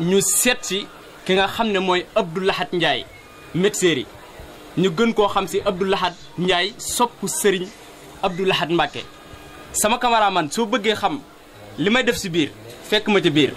ñu seet si ki nga xam ne mooy Abdou Lahad Ndiaye médecin yi ñu gën koo xam si Abdou Lahad Ndiaye soppu sëriñ Abdou Lahad Mbacke sama cameraman soo bëggee xam li may def si biir fekk ma ci biir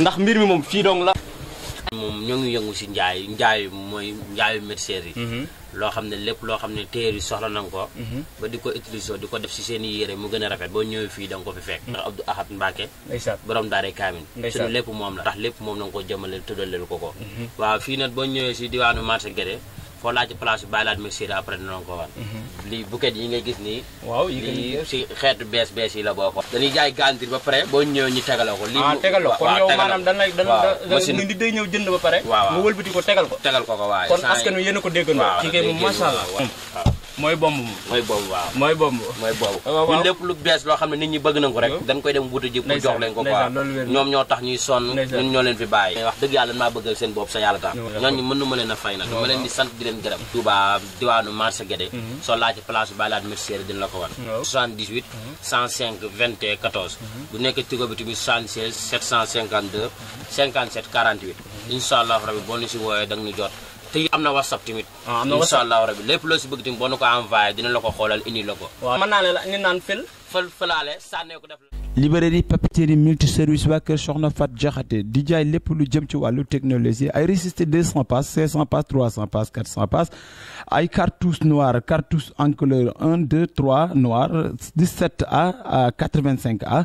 ndax mbir mi moom fii dong la. moom ñoo ngi yëngu si njaay njaay mooy njaayu mercerie yi mm-hmm. loo xam ne lépp loo xam ne téer yi soxla nañ ko mm-hmm. ba di ko utiliser di ko def si seen yére mu gën a rafet boo ñëwee fii da nga ko fi fekk ndax Abdou Ahad Mbacke borom daare kaamin suñu lépp moom la ndax lépp moom na nga ko jëmale tuddaleel ko ko mm-hmm. waaw fii nag boo ñëwee si diwaanu marché Guédé foo laaj place bi bàyyi laaj mi sida après dinañ ko wan mhm. lii bouquet yi ngay gis nii waaw lii si xeetu bees bees yi la boo ko dañuy jaay gantir ba pare boo ñëwee ñu tegal ko lii ah tegal ko kon yow maanaam dan lay ñëw jënd ba pare nga wëlbati ko tegal ko tegal ko ko waaye kon askan wi yéen a ko déggoon kay moom macha mooy bomb moom mooy bomb waaw mooy bomb mooy bomb eh, ñun lépp lu bees loo xam ne nit ñi bëgg nañ ko rek dañ koy dem wuta ji pour jox leen ko quoi ñoom ñoo tax ñuy sonn ñun ñoo leen fi bàyyi wax dëgg yàlla maa bëgg seen bopp sa yàlla tax ñooñu mënu ma leen a fay nag ma leen di sant di leen gërëm Touba diwaanu marché Guédé mhm. soo laaj ci place bi bàyyilaat mercier dina la ko wan 78 105 21 14 bu nekk Tigo bi tamit 76 752 57 48 incha allah rabi boo ñu si wooyee da nga ñu jot te am na whatsapp tamit ah, am na whatsapp incha allahu rabi lépp loo si bëgg tamit boo na ko envoyé dina la ko xoolal indi la ko waaw mën naa ne la ni naan fil fël fëlaale sànnee ko def librairie papeterie multi service waa kër Soxna Fat Jaxate di jaay lépp lu jëm ci wàllu technologie ay résisté 200 pass 500 pass 300 pass 400 pass ay cartouches noires cartouches en couleur 1 2 3 noir 17A à 85A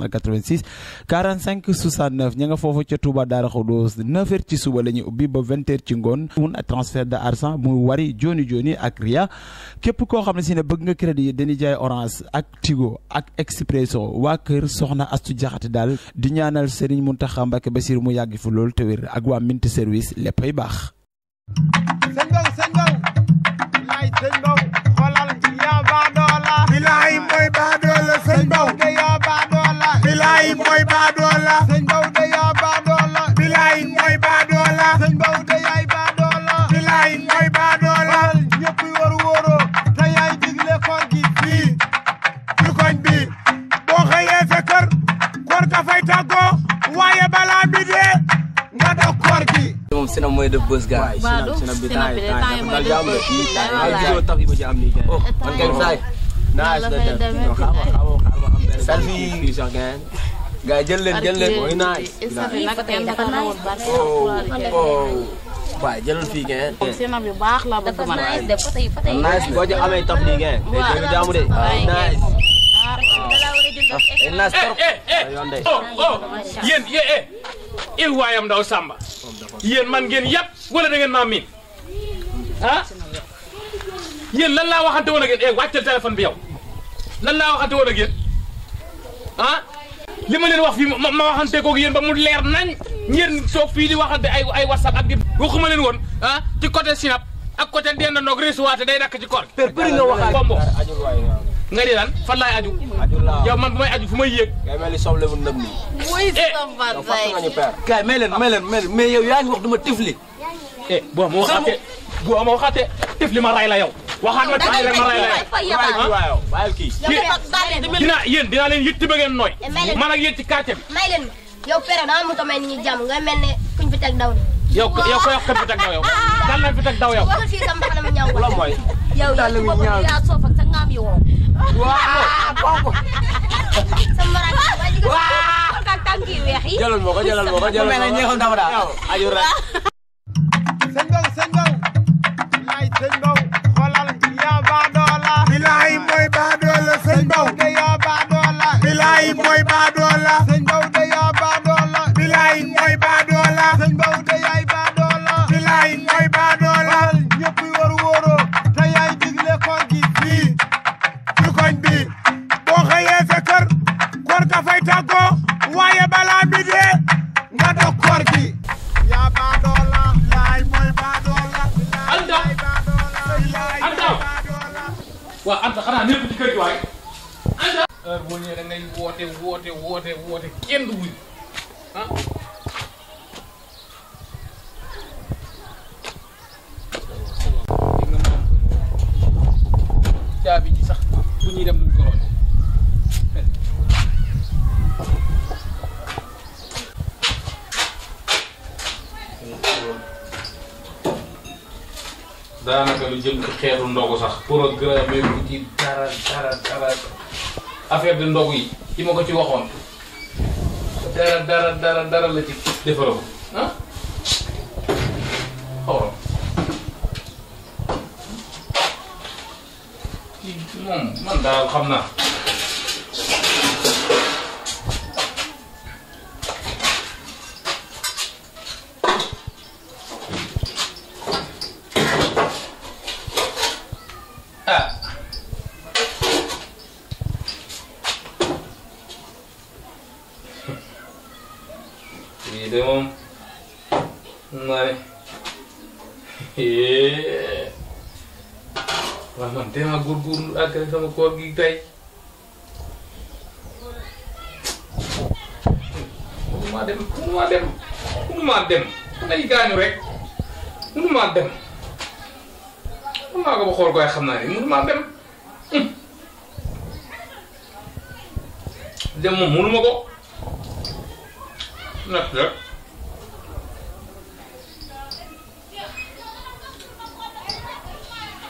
386 45 69 ña nga foofu ca Touba Daara Khoudous 9h ci suba la ñuy ubbi ba 20h ci ngoon. mun transfert de argent muy wari joni joni ak Ria képp koo xam ne si ne bëgg nga crédit dañuy jaay Orange ak Tigo ak Expresso waa kër Soxna Astu Jaxate daal di ñaanal Serigne Mountakha Mbacké Bassirou mu yàgg fi lool te wér ak waa Mint Service ay baax. def bës gaay sinab bi taay taay dal jaam la ay gisoo tax yi ma ci am nii gaay man kay saay naa la def no xam xam xam selfie yi sax gaay gaay jël leen jël leen mooy naay waaw jëlal fii ngeen. seen bi baax laa bëgg man. dafa nice de nice boo ci amee taf nii ngeen. waaw day jaamu de. nice. ah nice trop. Oh, oh. yéen yéen. il eh. eh, waayam ndaw Samba. yéen man ngeen yàpp wala da ngeen maa miin ah yéen lan laa waxante woon a yéen eh wàccal téléphone bi yow lan laa waxante woon ak yéen ah li ma leen wax fii ma ma waxante koog yéen ba mu leer nañ ngeen toog fii di waxante ay ay whatsapp ak di waxuma leen woon ah ci côté Sinap ak côté Dendanoog Réseau waate day dakk ci kor. bëri nga nga ne lan fan laay aju. yow man bu may aju fu may yéeg. kay mel ni soble bu ndëm nii. muy eh. Samba kay may leen may leen mais yow yaa ngi wax duma tifli. eh boo ma waxaatee boo ma waxaatee tifli ma ray la yow. waxaat ma tifli rek ma ray la yow. waaw waaw kii. dina yéen dinaa leen yitti ba ngeen nooy. Eh, man ak yéen ci quartier bi. may leen yow père dama mu tomee nii jàmm nga mel ne kuñ fi teg daw ni yow yow koy wax fi teg daw yow. kan fi teg daw yow. loolu mooy. yow ngaam yi woo. waaw kooku. sama rakk ba jigéen. waaw ak tànk yu weex yi. jëlal ma ko jëlal ma ko jëlal ma ko ñeexoon dama daal yow aju rek. sëñ Ndao sëñ Ndao. laay sëñ Ndao. xoolal yaa baadoola. bilaay mooy baadoola sëñ Ndao. yaa baadoola. bilaay mooy baadoola sëñ Ndao. woote woote ah. caabi ji sax bu ñuy dem duñ ko roon daanaka lu jëm xeetu ndogu sax. programme bu ci dara dara dara affaire de ndogu yi. ki ma ko ci waxoon dara dara dara dara la ci defaroo ah xorom man daal xam na もなに eh waaye man dama góorgóorlu àggale sama koor gi tey mënumaa dem mënumaa dem mënumaa dem day gaañu rek mënumaa dem mënumaa ko ba xool koy xam naa ne mënumaa dem dem moom mënuma ko natt rek